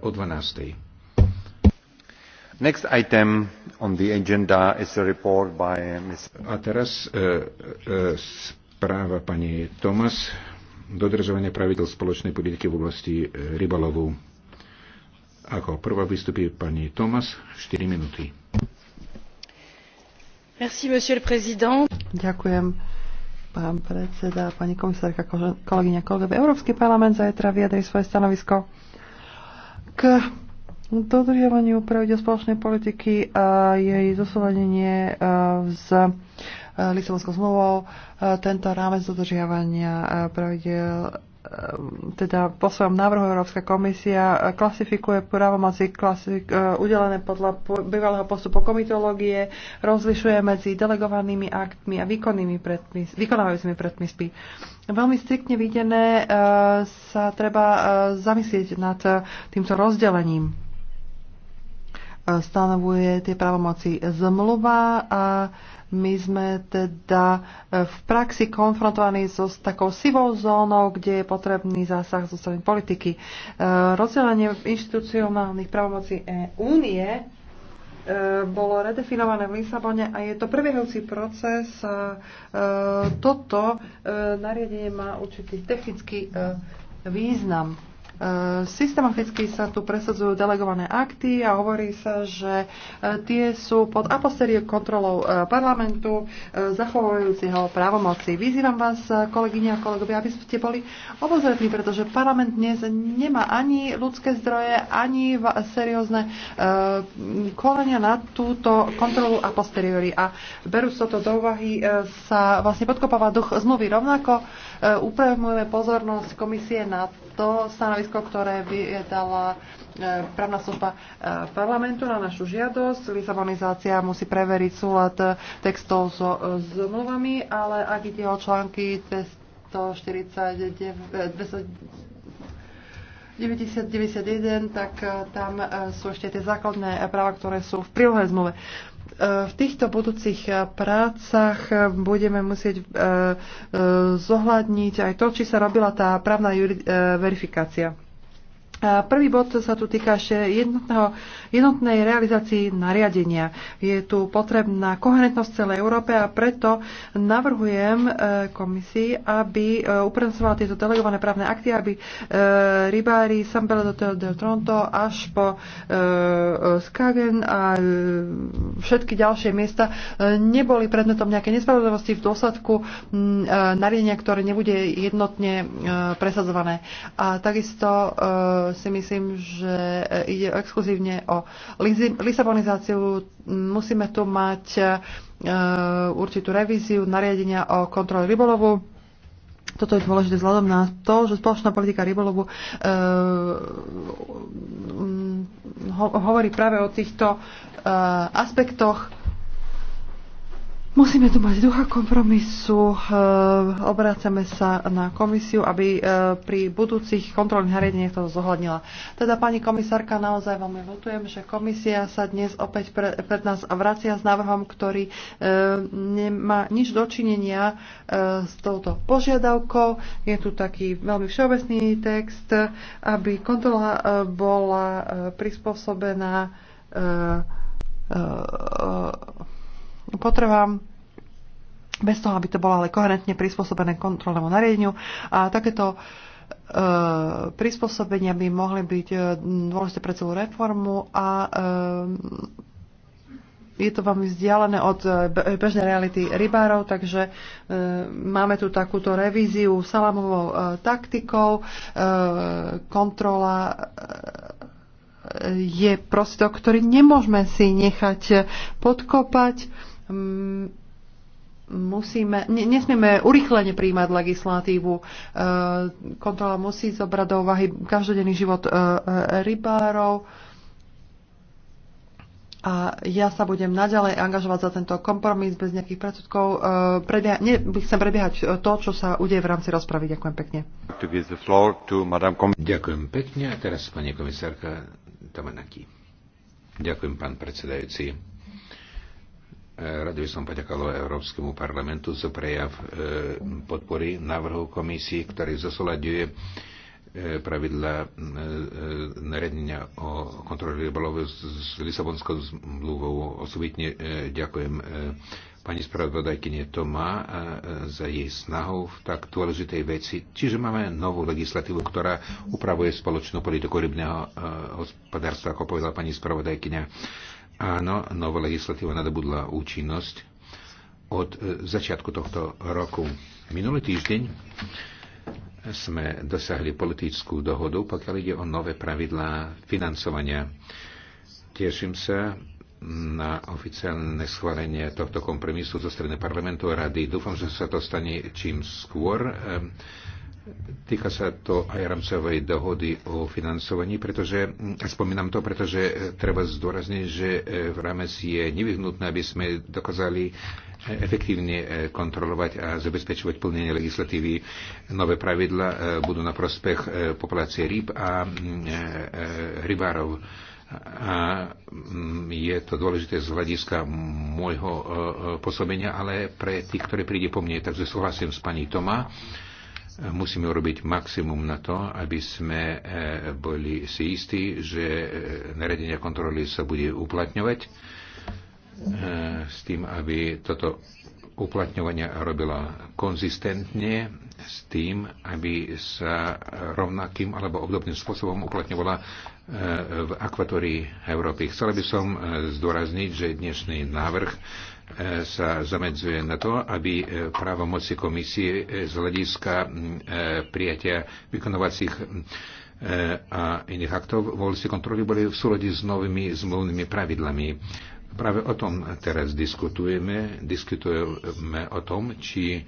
o 12. Next item on the agenda is a report by Ms. A teraz e, e, správa pani Tomas, dodržovanie pravidel spoločnej politiky v oblasti e, rybalovu. Ako prvá vystupí pani Tomas, 4 minúty. Merci, monsieur le président. Ďakujem, pán predseda, pani komisárka, kolegyňa, kolegovia. Európsky parlament zajtra vyjadri svoje stanovisko k dodržiavaniu pravidel spoločnej politiky a jej zosúladenie e, s e, Lisabonskou zmluvou. E, tento rámec dodržiavania pravidel Ehm, teda po svojom návrhu Európska komisia eh, klasifikuje právomoci klasik, eh, udelené podľa bývalého postupu komitológie, rozlišuje medzi delegovanými aktmi a výkonnými predpis, vykonávajúcimi predpismi. Veľmi striktne videné eh, sa treba zamyslieť nad týmto rozdelením stanovuje tie pravomoci zmluva a my sme teda v praxi konfrontovaní so s takou sivou zónou, kde je potrebný zásah zo strany politiky. E, rozdelenie inštitucionálnych pravomocí únie e, bolo redefinované v Lisabone a je to prebiehajúci proces. E, toto nariadenie má určitý technický význam. Eh, systematicky sa tu presadzujú delegované akty a hovorí sa, že eh, tie sú pod aposteriou kontrolou eh, parlamentu, zachovujúci ho právomoci. Vyzývam vás, kolegyne a kolegovia, aby ste boli obozretní, pretože parlament dnes nemá ani ľudské zdroje, ani seriózne kolenia na túto kontrolu a posteriori. A berú sa to do úvahy, sa vlastne podkopáva duch zmluvy rovnako E, upravujeme pozornosť komisie na to stanovisko, ktoré vydala e, právna služba e, parlamentu na našu žiadosť. Lisabonizácia musí preveriť súlad textov so zmluvami, ale ak ide o články 249, 9091, tak tam sú ešte tie základné práva, ktoré sú v prílohe zmluve. V týchto budúcich eh, prácach eh, budeme musieť eh, zohľadniť aj to, či sa robila tá právna verifikácia. A prvý bod sa tu týka jednotného, jednotnej realizácii nariadenia. Je tu potrebná koherentnosť celej Európe a preto navrhujem e, komisii, aby e, uprednostňovala tieto delegované právne akty, aby e, rybári San do del Tronto až po Skagen a všetky ďalšie miesta neboli predmetom nejakej nespravodlivosti v dôsledku nariadenia, ktoré nebude jednotne presadzované. A takisto si myslím, že e, ide exkluzívne o lisabonizáciu. Musíme tu mať e, určitú revíziu nariadenia o kontrole rybolovu. Toto je dôležité vzhľadom na to, že spoločná politika rybolovu e, hovorí práve o týchto aspektoch Musíme tu mať ducha kompromisu. Eh, Obrácame sa na komisiu, aby eh, pri budúcich kontrolných hariadeniach to zohľadnila. Teda, pani komisárka, naozaj veľmi ľutujem, že komisia sa dnes opäť pre, pred nás vracia s návrhom, ktorý eh, nemá nič dočinenia s touto požiadavkou. Je tu taký veľmi všeobecný text, aby kontrola bola prispôsobená potrebám bez toho, aby to bolo ale koherentne prispôsobené kontrolnému nariadeniu. A takéto e, prispôsobenia by mohli byť e, dôležité pre celú reformu a e, je to veľmi vzdialené od e, bežnej reality rybárov, takže e, máme tu takúto revíziu salamovou e, taktikou. E, kontrola e, je prostok, ktorý nemôžeme si nechať podkopať musíme, ne, nesmieme urychlene príjmať legislatívu. E, kontrola musí zobrať do úvahy každodenný život e, e, rybárov. A ja sa budem naďalej angažovať za tento kompromis bez nejakých predsudkov. E, prebieha, ne, chcem prebiehať to, čo sa udeje v rámci rozpravy. Ďakujem pekne. Ďakujem pekne. A teraz pani komisárka Tamanaki. Ďakujem, pán predsedajúci Rado by som poďakoval Európskemu parlamentu za prejav e, podpory návrhu komisie, ktorý zosolaďuje e, pravidla e, naredenia o kontrole rybolovu s Lisabonskou zmluvou. Osobitne ďakujem pani spravodajkyne Tomá za jej snahu v tak dôležitej veci. Čiže máme novú legislatívu, ktorá upravuje spoločnú politiku rybného hospodárstva, ako povedala pani spravodajkyňa Áno, nová legislatíva nadobudla účinnosť od e, začiatku tohto roku. Minulý týždeň sme dosiahli politickú dohodu, pokiaľ ide o nové pravidlá financovania. Teším sa na oficiálne schválenie tohto kompromisu zo strany parlamentu a rady. Dúfam, že sa to stane čím skôr. Ehm, Týka sa to aj rámcovej dohody o financovaní, pretože, mm, spomínam to, pretože e, treba zdôrazniť, že e, v rámec je nevyhnutné, aby sme dokázali e, efektívne kontrolovať a zabezpečovať plnenie legislatívy. Nové pravidla budú na prospech populácie rýb a mm, rybárov. A mm, je to dôležité z hľadiska môjho pôsobenia, ale pre tých, ktorí príde po mne, takže súhlasím s pani Toma musíme urobiť maximum na to, aby sme e, boli si istí, že e, naredenia kontroly sa bude uplatňovať e, s tým, aby toto uplatňovanie robila konzistentne s tým, aby sa rovnakým alebo obdobným spôsobom uplatňovala v akvatórii Európy. Chcela by som zdôrazniť, že dnešný návrh E, sa zamedzuje na to, aby e, právomoci komisie e, z hľadiska prijatia vykonovacích a iných aktov voľci kontroly boli v súlade s novými zmluvnými pravidlami. Práve o tom teraz diskutujeme. Diskutujeme o tom, či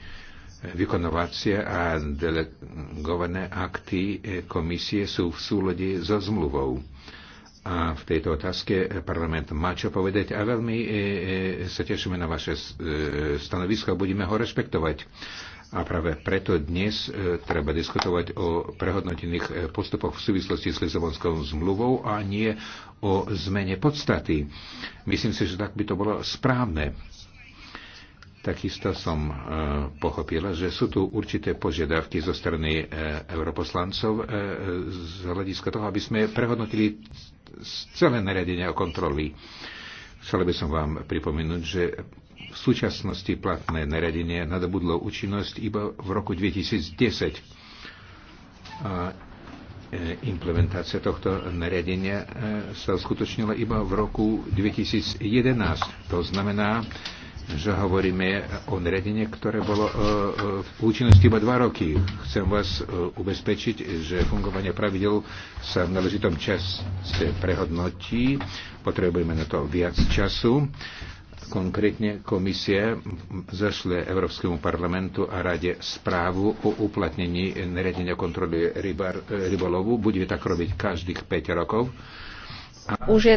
vykonovacie a delegované akty komisie sú v súlade so zmluvou. A v tejto otázke parlament má čo povedať a veľmi e, e, sa tešíme na vaše e, stanovisko a budeme ho rešpektovať. A práve preto dnes treba diskutovať o prehodnotených postupoch v súvislosti s Lizabonskou zmluvou a nie o zmene podstaty. Myslím si, že tak by to bolo správne. Takisto som e, pochopila, že sú tu určité požiadavky zo strany e, europoslancov e, z hľadiska toho, aby sme prehodnotili celé nariadenie o kontroly. Chcel by som vám pripomenúť, že v súčasnosti platné nariadenie nadobudlo účinnosť iba v roku 2010. A implementácia tohto nariadenia sa uskutočnila iba v roku 2011. To znamená, že hovoríme o nariadenie, ktoré bolo e, e, v účinnosti iba dva roky. Chcem vás e, ubezpečiť, že fungovanie pravidel sa v náležitom čase prehodnotí. Potrebujeme na to viac času. Konkrétne Komisie zašle Európskemu parlamentu a rade správu o uplatnení nariadenia kontroly rybar, rybolovu. Bude tak robiť každých 5 rokov. A... Už je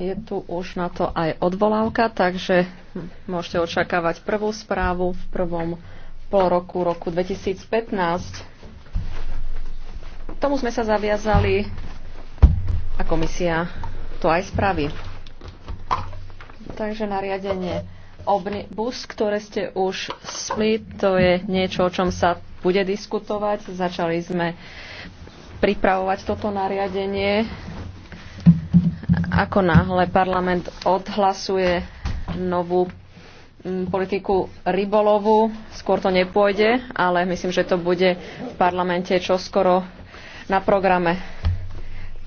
je tu už na to aj odvolávka, takže môžete očakávať prvú správu v prvom pol roku roku 2015. Tomu sme sa zaviazali a komisia to aj spraví. Takže nariadenie Omnibus, ktoré ste už spli, to je niečo, o čom sa bude diskutovať. Začali sme pripravovať toto nariadenie ako náhle parlament odhlasuje novú mm, politiku rybolovu, skôr to nepôjde, ale myslím, že to bude v parlamente čoskoro na programe.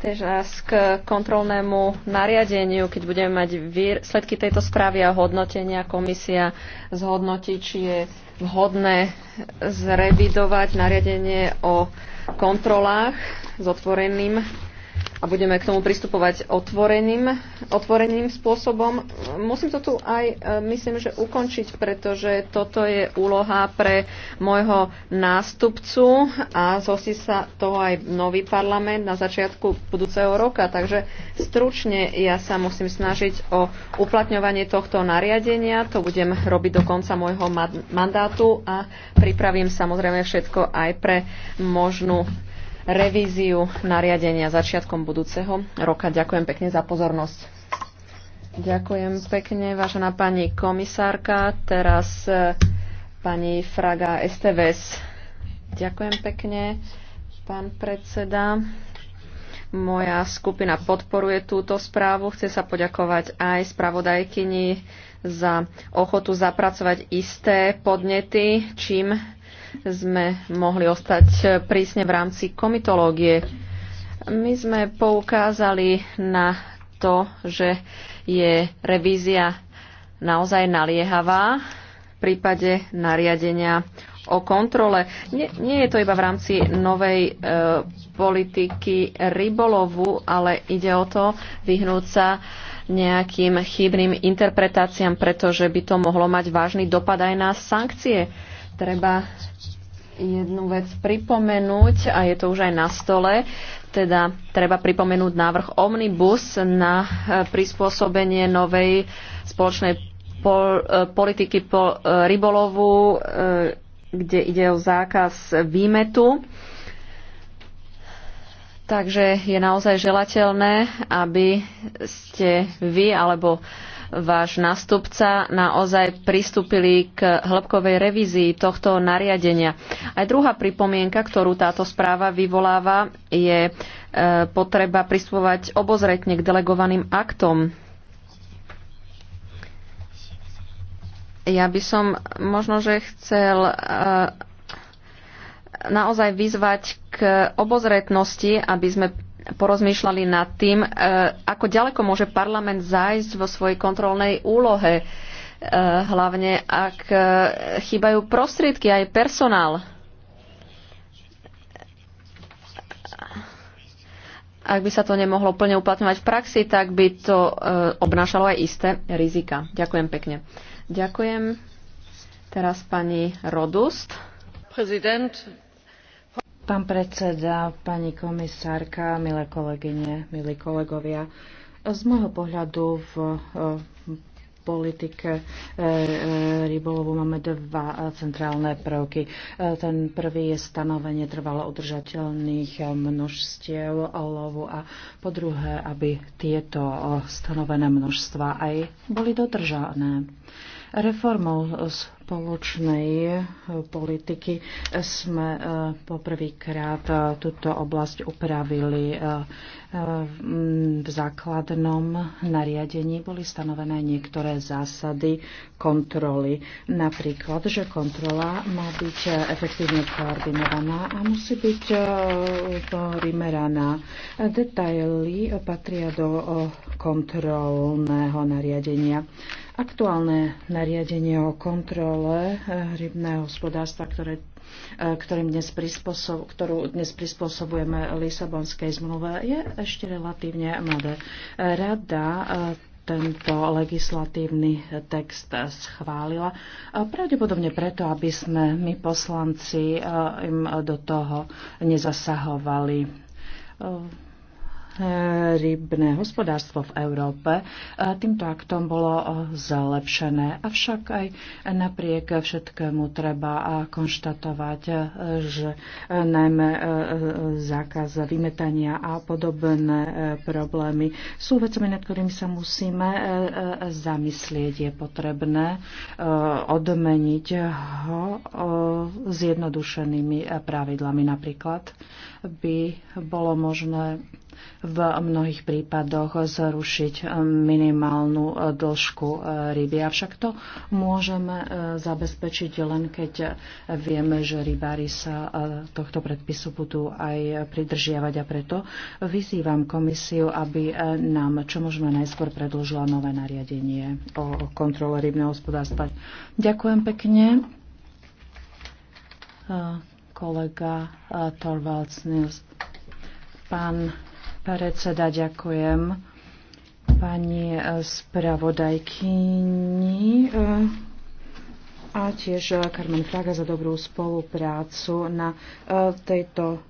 Takže k kontrolnému nariadeniu, keď budeme mať výsledky tejto správy a hodnotenia, komisia zhodnotí, či je vhodné zrevidovať nariadenie o kontrolách s otvoreným a budeme k tomu pristupovať otvoreným, otvoreným spôsobom. Musím to tu aj, e, myslím, že ukončiť, pretože toto je úloha pre môjho nástupcu a zosí sa toho aj nový parlament na začiatku budúceho roka. Takže stručne ja sa musím snažiť o uplatňovanie tohto nariadenia. To budem robiť do konca môjho mandátu a pripravím samozrejme všetko aj pre možnú revíziu nariadenia začiatkom budúceho roka. Ďakujem pekne za pozornosť. Ďakujem pekne, vážená pani komisárka. Teraz e, pani Fraga STVS. Ďakujem pekne, pán predseda. Moja skupina podporuje túto správu. Chce sa poďakovať aj spravodajkyni za ochotu zapracovať isté podnety, čím sme mohli ostať prísne v rámci komitológie. My sme poukázali na to, že je revízia naozaj naliehavá v prípade nariadenia o kontrole. Nie, nie je to iba v rámci novej e, politiky rybolovu, ale ide o to vyhnúť sa nejakým chybným interpretáciám, pretože by to mohlo mať vážny dopad aj na sankcie. E, treba jednu vec pripomenúť a je to už aj na stole. Teda treba pripomenúť návrh Omnibus na e, prispôsobenie novej spoločnej pol, e, politiky po, e, rybolovu, kde ide o zákaz výmetu. Takže je naozaj želateľné, aby ste vy alebo uh, váš nástupca naozaj pristúpili k hĺbkovej revízii tohto nariadenia. Aj druhá pripomienka, ktorú táto správa vyvoláva, je e, potreba pristupovať obozretne k delegovaným aktom. Ja by som možno, že chcel e, naozaj vyzvať k obozretnosti, aby sme porozmýšľali nad tým, e, ako ďaleko môže parlament zájsť vo svojej kontrolnej úlohe, e, hlavne ak e, chýbajú prostriedky aj personál. Ak by sa to nemohlo plne uplatňovať v praxi, tak by to obnášalo aj isté rizika. Ďakujem pekne. Ďakujem. Teraz pani Rodust. Prezident, Pán predseda, pani komisárka, milé kolegyne, milí kolegovia, z môjho pohľadu v eh, politike eh, eh, rybolovu máme dva centrálne prvky. Ten prvý je stanovenie trvalo udržateľných množstiev lovu a po druhé, aby tieto stanovené množstva aj boli dodržané. Reformou spoločnej eh, politiky sme eh, poprvýkrát eh, túto oblasť upravili v základnom nariadení boli stanovené niektoré zásady kontroly. Napríklad, že kontrola má byť efektívne koordinovaná a musí byť primeraná. Detaily patria do kontrolného nariadenia. Aktuálne nariadenie o kontrole eh, rybného hospodárstva, ktoré eh, ktorým dnes prispôsob, ktorú dnes prispôsobujeme Lisabonskej zmluve, je ešte relatívne mladé. Eh, Rada tento legislatívny text schválila. Pravdepodobne preto, aby sme my poslanci im do toho nezasahovali rybné hospodárstvo v Európe. Týmto aktom bolo zlepšené. Avšak aj napriek všetkému treba konštatovať, že najmä e, e, zákaz vymetania a podobné e, problémy sú vecami, nad ktorými sa musíme zamyslieť. Je potrebné odmeniť ho zjednodušenými pravidlami. Napríklad by bolo možné v mnohých prípadoch zrušiť minimálnu dĺžku ryby. Avšak to môžeme e, zabezpečiť len keď vieme, že rybári sa e, tohto predpisu budú aj pridržiavať a preto vyzývam komisiu, aby e, nám čo možno najskôr predložila nové nariadenie o kontrole rybného hospodárstva. Ďakujem pekne. Kolega Torvalds Nils. Pán predseda, ďakujem pani e, spravodajkyni e, a tiež e, Carmen Fraga za dobrú spoluprácu na tejto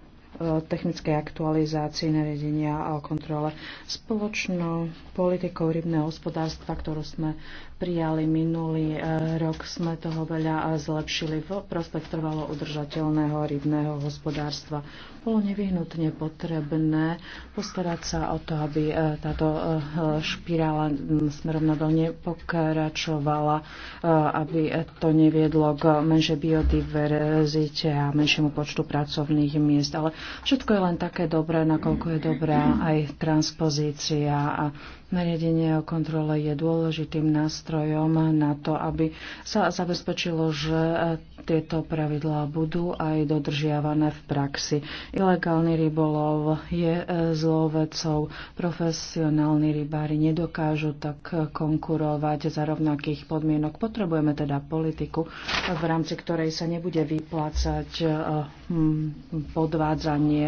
technickej aktualizácii nariadenia a o kontrole spoločnou politikou rybného hospodárstva, ktorú sme prijali minulý e, rok, sme toho veľa e, zlepšili v prospekt trvalo udržateľného rybného hospodárstva. Bolo nevyhnutne potrebné postarať sa o to, aby e, táto špirála smerom nadol nepokračovala, aby to neviedlo k menšej biodiverzite a menšiemu počtu pracovných miest. Ale Všetko je len také dobré, nakoľko je dobrá aj transpozícia a nariadenie o kontrole je dôležitým nástrojom na to, aby sa zabezpečilo, že tieto pravidlá budú aj dodržiavané v praxi. Ilegálny rybolov je e, zlou vecou. Profesionálni rybári nedokážu tak konkurovať za rovnakých podmienok. Potrebujeme teda politiku, v rámci ktorej sa nebude vyplácať e, hm, podvádzanie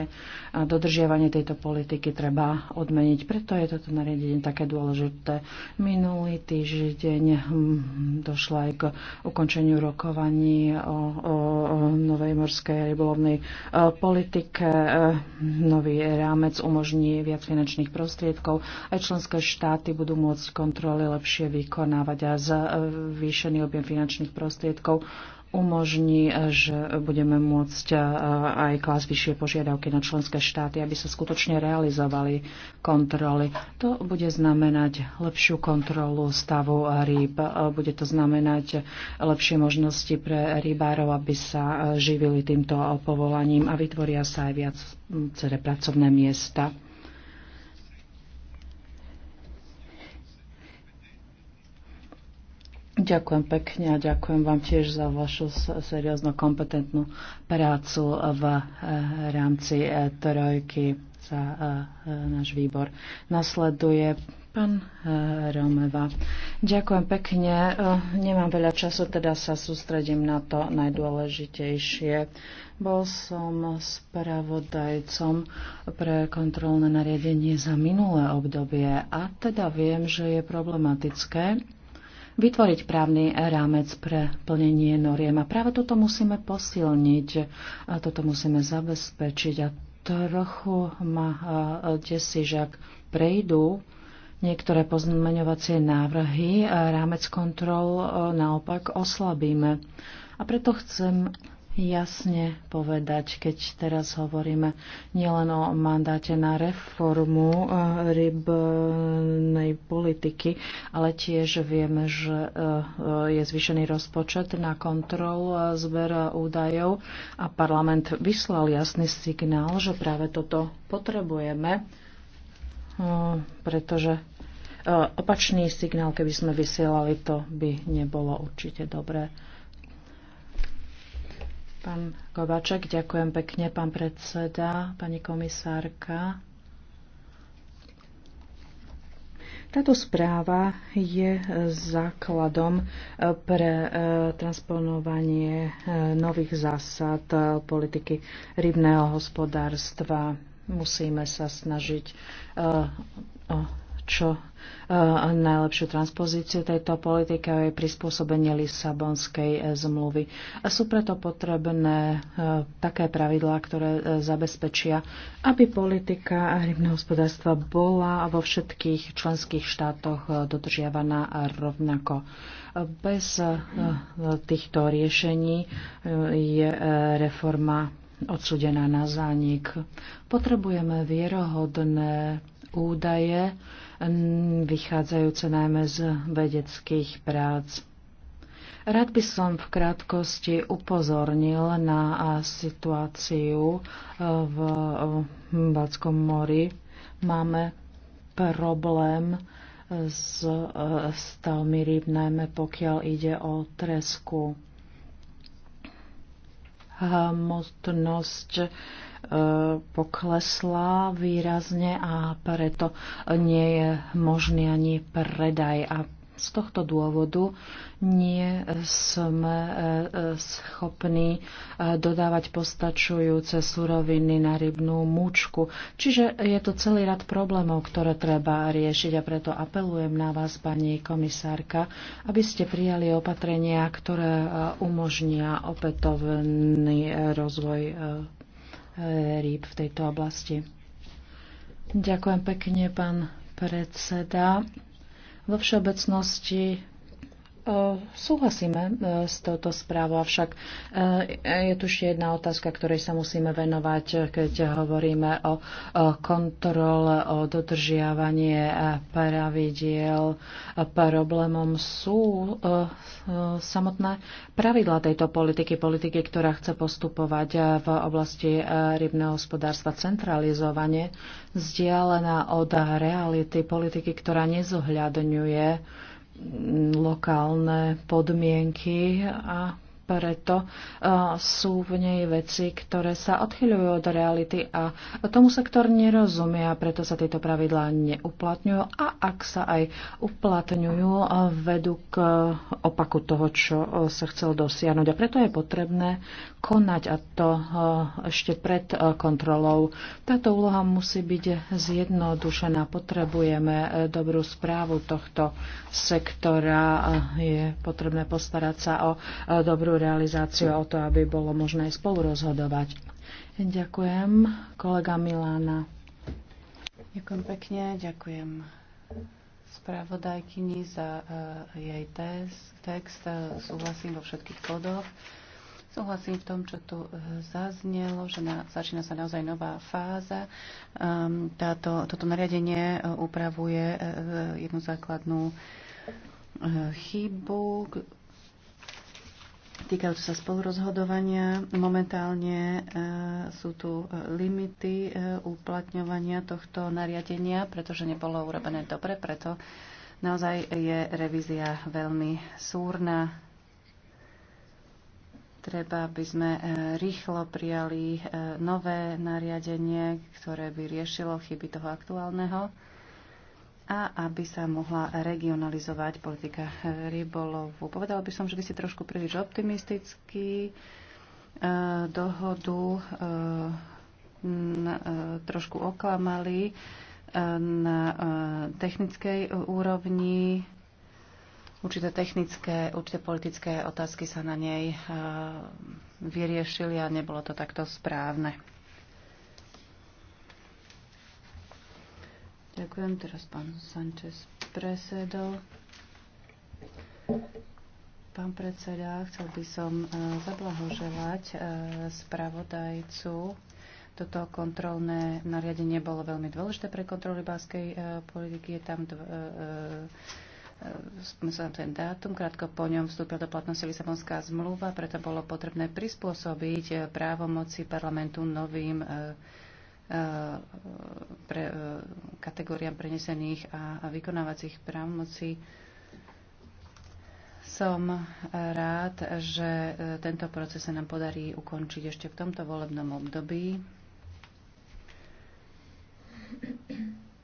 a dodržiavanie tejto politiky treba odmeniť. Preto je toto nariadenie také dôležité. Minulý týždeň hm, došla aj k ukončeniu rokovaní o, o novej morskej rybolovnej e, politike. E, nový rámec umožní viac finančných prostriedkov. Aj členské štáty budú môcť kontroly lepšie vykonávať a zvýšený objem finančných prostriedkov umožní, eh, že budeme môcť eh, aj klas vyššie požiadavky na členské štáty, aby sa skutočne realizovali kontroly. To bude znamenať lepšiu kontrolu stavu rýb, eh, bude to znamenať lepšie možnosti pre rybárov, aby sa živili týmto povolaním a vytvoria sa aj viac hm, pracovné miesta. Ďakujem pekne a ďakujem vám tiež za vašu serióznu kompetentnú prácu v eh, rámci eh, trojky za eh, náš výbor. Nasleduje pán Romeva. Ďakujem pekne. Nemám veľa času, teda sa sústredím na to najdôležitejšie. Bol som spravodajcom pre kontrolné nariadenie za minulé obdobie a teda viem, že je problematické vytvoriť právny rámec pre plnenie noriem. A práve toto musíme posilniť, a toto musíme zabezpečiť. A trochu ma desí, že ak prejdú niektoré pozmeňovacie návrhy, rámec kontrol naopak oslabíme. A preto chcem jasne povedať, keď teraz hovoríme nielen o mandáte na reformu e, rybnej politiky, ale tiež vieme, že e, je zvýšený rozpočet na kontrol e, zber údajov a parlament vyslal jasný signál, že práve toto potrebujeme, pretože opačný signál, keby sme vysielali, to by nebolo určite dobré. Pán Kovaček, ďakujem pekne, pán predseda, pani komisárka. Táto správa je základom eh, pre eh, transponovanie eh, nových zásad politiky rybného hospodárstva. Musíme sa snažiť o čo e, najlepšiu transpozíciu tejto politiky a jej prispôsobenie Lisabonskej e, zmluvy. Sú preto potrebné e, také pravidlá, ktoré zabezpečia, aby politika rybného hospodárstva bola vo všetkých členských štátoch dodržiavaná rovnako. Bez týchto riešení je reforma odsudená na zánik. Potrebujeme vierohodné údaje, vychádzajúce najmä z vedeckých prác. Rád by som v krátkosti upozornil na situáciu e, v Balckom mori. Máme problém s e, stavmi rýb, najmä pokiaľ ide o tresku hmotnosť E, poklesla výrazne a preto nie je možný ani predaj a z tohto dôvodu nie sme e, schopní e, dodávať postačujúce suroviny na rybnú múčku. Čiže je to celý rad problémov, ktoré treba riešiť a preto apelujem na vás, pani komisárka, aby ste prijali opatrenia, ktoré umožnia opätovný rozvoj rýb v tejto oblasti. Ďakujem pekne, pán predseda. Vo všeobecnosti E, súhlasíme e, s touto správou, avšak e, je tu ešte jedna otázka, ktorej sa musíme venovať, keď hovoríme o kontrole, o dodržiavanie pravidiel. Problémom sú samotné pravidla tejto politiky, politiky, ktorá chce postupovať v oblasti rybného hospodárstva centralizovanie, vzdialená od reality politiky, ktorá nezohľadňuje lokálne podmienky a preto eh, sú v nej veci, ktoré sa odchyľujú od reality a tomu sektor nerozumie a preto sa tieto pravidlá neuplatňujú a ak sa aj uplatňujú, eh, vedú k eh, opaku toho, čo sa chcel dosiahnuť. A preto je potrebné konať a to ešte pred kontrolou. Táto úloha musí byť zjednodušená. Potrebujeme dobrú správu tohto sektora. Je potrebné postarať sa o dobrú realizáciu realizáciu o to, aby bolo možné spolu rozhodovať. Ďakujem, kolega Milána. Ďakujem pekne, ďakujem spravodajkyni za eh, jej text. Súhlasím vo všetkých bodoch. Súhlasím v tom, čo tu eh, zaznelo, že na, začína sa naozaj nová fáza. Um, táto, toto nariadenie eh, upravuje jednu základnú chybu, týkajúce sa spolurozhodovania. Momentálne e, sú tu e, limity e, uplatňovania tohto nariadenia, pretože nebolo urobené dobre, preto naozaj je revízia veľmi súrna. Treba, aby sme rýchlo prijali nové nariadenie, ktoré by riešilo chyby toho aktuálneho a aby sa mohla regionalizovať politika rybolovu. Povedala by som, že vy ste trošku príliš optimistický. E, dohodu e, e, trošku oklamali na technickej úrovni. Určité technické, určité politické otázky sa na nej vyriešili a nebolo to takto správne. Ďakujem. Teraz pán Sanchez presedol. Pán predseda, chcel by som e, zablahoželať e, spravodajcu. Toto kontrolné nariadenie bolo veľmi dôležité pre kontroly báskej e, politiky. Je tam dv- ten dátum, krátko po ňom vstúpila do platnosti Lisabonská zmluva, preto bolo potrebné prispôsobiť právomoci parlamentu novým Eh, pre, eh, kategóriám prenesených a, a vykonávacích právomocí. Som rád, že eh, tento proces sa nám podarí ukončiť ešte v tomto volebnom období.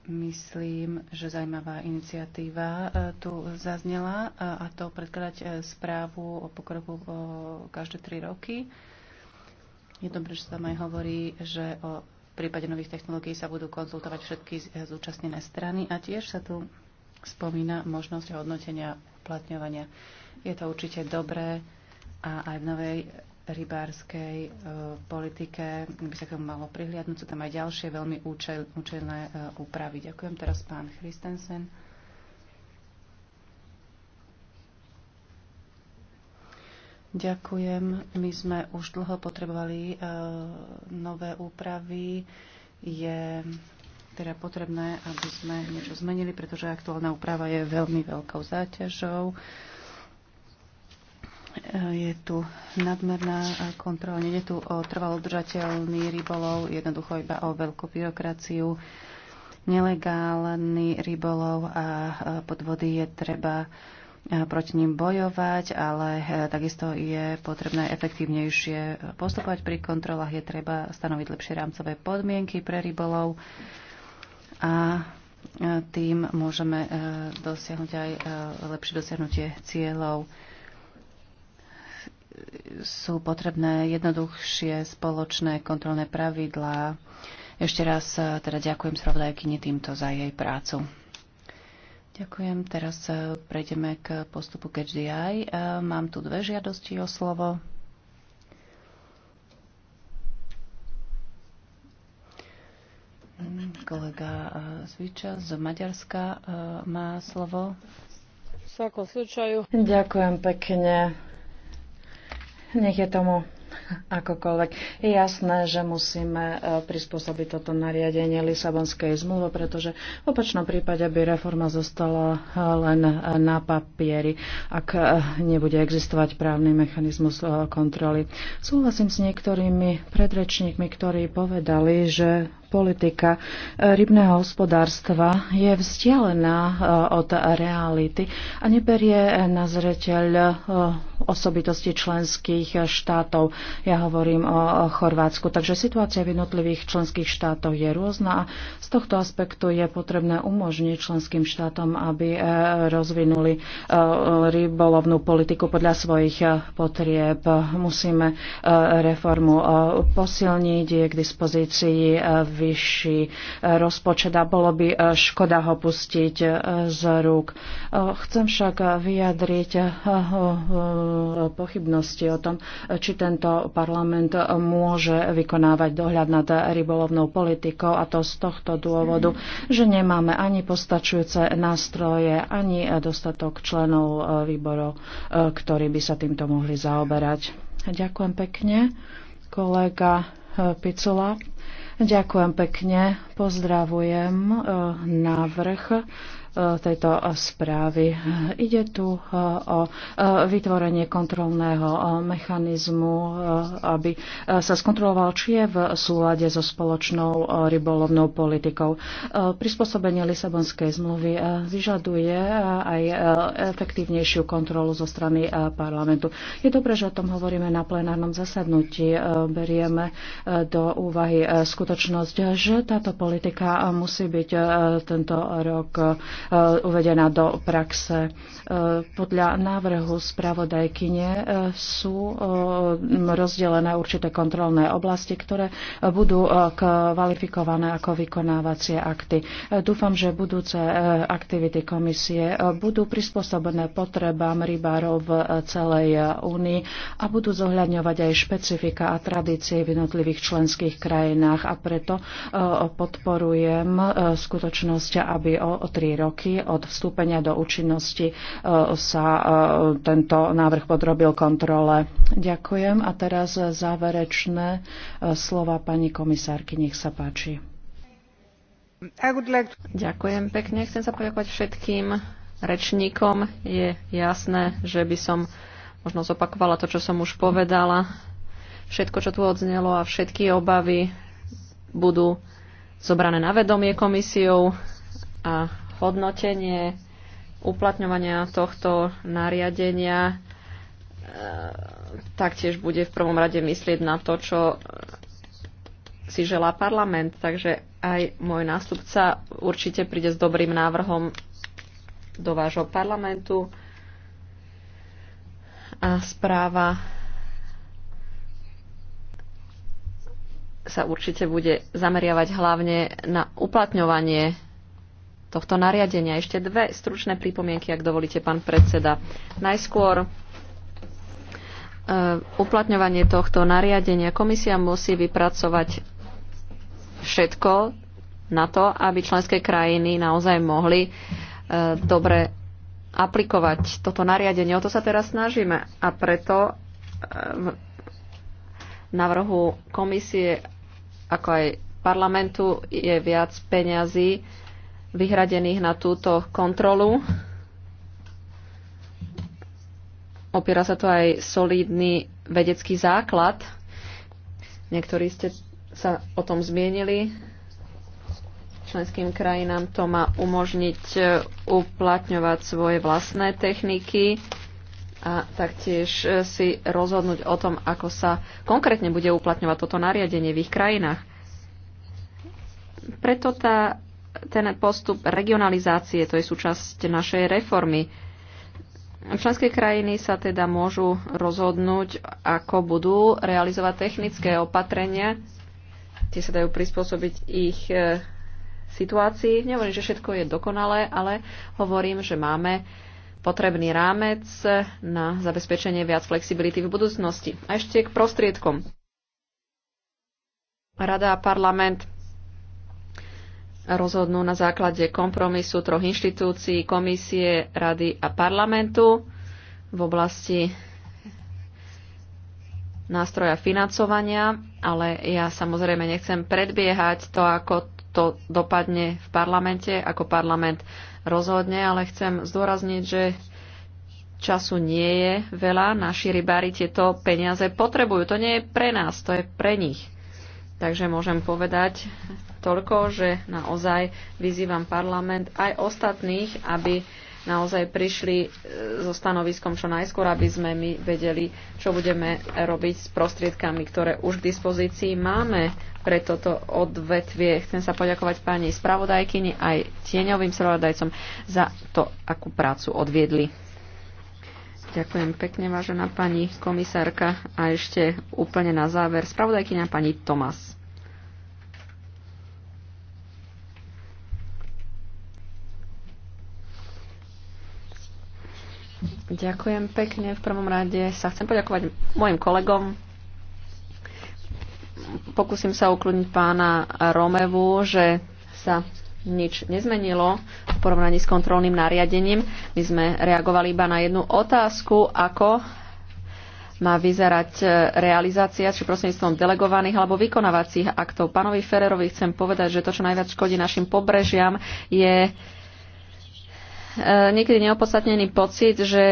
Myslím, že zaujímavá iniciatíva tu zaznela a to predkladať správu o pokroku každé tri roky. Je dobré, prečo sa tam aj hovorí, že o v prípade nových technológií sa budú konzultovať všetky zúčastnené strany a tiež sa tu spomína možnosť hodnotenia uplatňovania. Je to určite dobré a aj v novej rybárskej e, politike by sa k tomu malo prihliadnúť. Sú tam aj ďalšie veľmi účel, účelné e, úpravy. Ďakujem teraz pán Christensen. Ďakujem. My sme už dlho potrebovali e, nové úpravy. Je teda potrebné, aby sme niečo zmenili, pretože aktuálna úprava je veľmi veľkou záťažou. E, je tu nadmerná kontrola, nie je tu o trvalodržateľný rybolov, jednoducho iba o veľkú byrokraciu. Nelegálny rybolov a e, podvody je treba proti ním bojovať, ale eh, takisto je potrebné efektívnejšie eh, postupovať pri kontrolách, je treba stanoviť lepšie rámcové podmienky pre rybolov a eh, tým môžeme dosiahnuť aj lepšie dosiahnutie cieľov. Sú potrebné jednoduchšie spoločné kontrolné pravidlá. Ešte raz teda ďakujem spravodajkyni týmto za jej prácu. Ďakujem. Teraz e, prejdeme k postupu KDI. E, mám tu dve žiadosti o slovo. Mm, kolega e, Zviča z Maďarska má slovo. V slučaju. Ďakujem pekne. Nech je tomu akokoľvek. Je jasné, že musíme e, prispôsobiť toto nariadenie Lisabonskej zmluve, pretože v opačnom prípade by reforma zostala e, len e, na papieri, ak nebude existovať právny mechanizmus kontroly. Súhlasím s niektorými predrečníkmi, ktorí povedali, že politika e, rybného hospodárstva je vzdialená e, od reality a neberie na zreteľ e, osobitosti členských štátov. Ja hovorím o Chorvátsku, takže situácia v jednotlivých členských štátoch je rôzna a z tohto aspektu je potrebné umožniť členským štátom, aby rozvinuli rybolovnú politiku podľa svojich potrieb. Musíme reformu posilniť, je k dispozícii v vyšší rozpočet a bolo by e, škoda ho pustiť e, z rúk. E, chcem však vyjadriť pochybnosti o tom, či tento parlament môže vykonávať dohľad nad rybolovnou politikou a to z tohto dôvodu, že nemáme ani postačujúce nástroje, ani dostatok členov výborov, ktorí by sa týmto mohli zaoberať. Ďakujem pekne. Kolega Picula. Ďakujem pekne. Pozdravujem eh, návrh tejto správy. Ide tu uh, o uh, vytvorenie kontrolného uh, mechanizmu, aby sa skontroloval, či je v súlade so spoločnou rybolovnou politikou. Prispôsobenie Lisabonskej zmluvy vyžaduje aj efektívnejšiu kontrolu zo strany parlamentu. Je dobré, že o tom hovoríme na plenárnom zasadnutí. Berieme do úvahy skutočnosť, že táto politika musí byť tento rok Eh, uvedená do praxe. Eh, podľa návrhu spravodajkyne eh, sú rozdelené určité kontrolné oblasti, ktoré budú kvalifikované ako vykonávacie akty. Dúfam, že budúce aktivity komisie budú prispôsobené potrebám rybárov v celej únii a budú zohľadňovať aj špecifika a tradície v jednotlivých členských krajinách a preto podporujem skutočnosť, aby o tri roky roky od vstúpenia do účinnosti e, sa e, tento návrh podrobil kontrole. Ďakujem a teraz záverečné e, slova pani komisárky. Nech sa páči. Ďakujem pekne. Chcem sa poďakovať všetkým rečníkom. Je jasné, že by som možno zopakovala to, čo som už povedala. Všetko, čo tu odznelo a všetky obavy budú zobrané na vedomie komisiou a hodnotenie uplatňovania tohto nariadenia e, taktiež bude v prvom rade myslieť na to, čo si želá parlament. Takže aj môj nástupca určite príde s dobrým návrhom do vášho parlamentu. A správa sa určite bude zameriavať hlavne na uplatňovanie tohto nariadenia. Ešte dve stručné pripomienky, ak dovolíte, pán predseda. Najskôr e, uplatňovanie tohto nariadenia. Komisia musí vypracovať všetko na to, aby členské krajiny naozaj mohli e, dobre aplikovať toto nariadenie. O to sa teraz snažíme a preto e, v navrhu komisie ako aj parlamentu je viac peňazí vyhradených na túto kontrolu. Opiera sa to aj solidný vedecký základ. Niektorí ste sa o tom zmienili. Členským krajinám to má umožniť e, uplatňovať svoje vlastné techniky a taktiež e, si rozhodnúť o tom, ako sa konkrétne bude uplatňovať toto nariadenie v ich krajinách. Preto tá ten postup regionalizácie, to je súčasť našej reformy. Členské krajiny sa teda môžu rozhodnúť, ako budú realizovať technické opatrenia. Tie sa dajú prispôsobiť ich e, situácii. Nehovorím, že všetko je dokonalé, ale hovorím, že máme potrebný rámec na zabezpečenie viac flexibility v budúcnosti. A ešte k prostriedkom. Rada a parlament rozhodnú na základe kompromisu troch inštitúcií, komisie, rady a parlamentu v oblasti nástroja financovania, ale ja samozrejme nechcem predbiehať to, ako to dopadne v parlamente, ako parlament rozhodne, ale chcem zdôrazniť, že času nie je veľa. Naši rybári tieto peniaze potrebujú. To nie je pre nás, to je pre nich. Takže môžem povedať toľko, že naozaj vyzývam parlament aj ostatných, aby naozaj prišli e, so stanoviskom čo najskôr, aby sme my vedeli, čo budeme robiť s prostriedkami, ktoré už k dispozícii máme pre toto odvetvie. Chcem sa poďakovať pani spravodajkyni aj tieňovým spravodajcom za to, akú prácu odviedli. Ďakujem pekne, vážená pani komisárka. A ešte úplne na záver, spravodajkyňa pani Tomas. Ďakujem pekne. V prvom rade sa chcem poďakovať mojim kolegom. Pokúsim sa ukludniť pána Romevu, že sa nič nezmenilo v porovnaní s kontrolným nariadením. My sme reagovali iba na jednu otázku, ako má vyzerať e, realizácia či prostredníctvom delegovaných alebo vykonávacích aktov. Pánovi Fererovi chcem povedať, že to, čo najviac škodí našim pobrežiam, je niekedy neopodstatnený pocit, že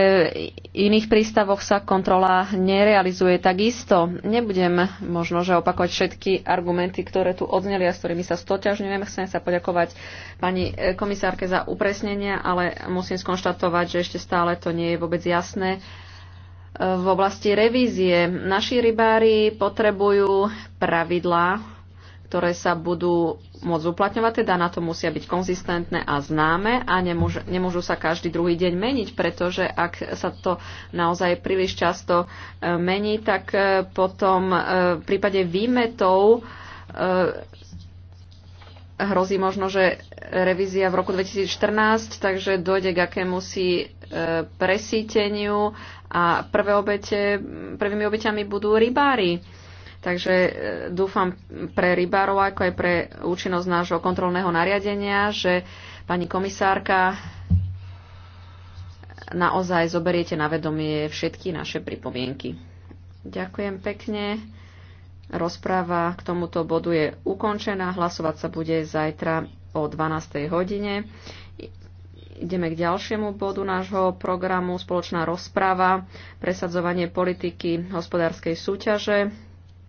v iných prístavoch sa kontrola nerealizuje takisto. Nebudem možno, že opakovať všetky argumenty, ktoré tu odzneli a s ktorými sa stoťažňujem. Chcem sa poďakovať pani e, komisárke za upresnenia, ale musím skonštatovať, že ešte stále to nie je vôbec jasné. E, v oblasti revízie naši rybári potrebujú pravidlá ktoré sa budú môcť uplatňovať, teda na to musia byť konzistentné a známe a nemôžu, nemôžu sa každý druhý deň meniť, pretože ak sa to naozaj príliš často e, mení, tak e, potom e, v prípade výmetov hrozí možno, že revízia v roku 2014, takže dojde k akémusi presíteniu a prvé obete, prvými obeťami budú rybári Takže e, dúfam pre rybárov, ako aj pre účinnosť nášho kontrolného nariadenia, že pani komisárka naozaj zoberiete na vedomie všetky naše pripomienky. Ďakujem pekne. Rozpráva k tomuto bodu je ukončená. Hlasovať sa bude zajtra o 12. hodine. Ideme k ďalšiemu bodu nášho programu. Spoločná rozprava, presadzovanie politiky hospodárskej súťaže.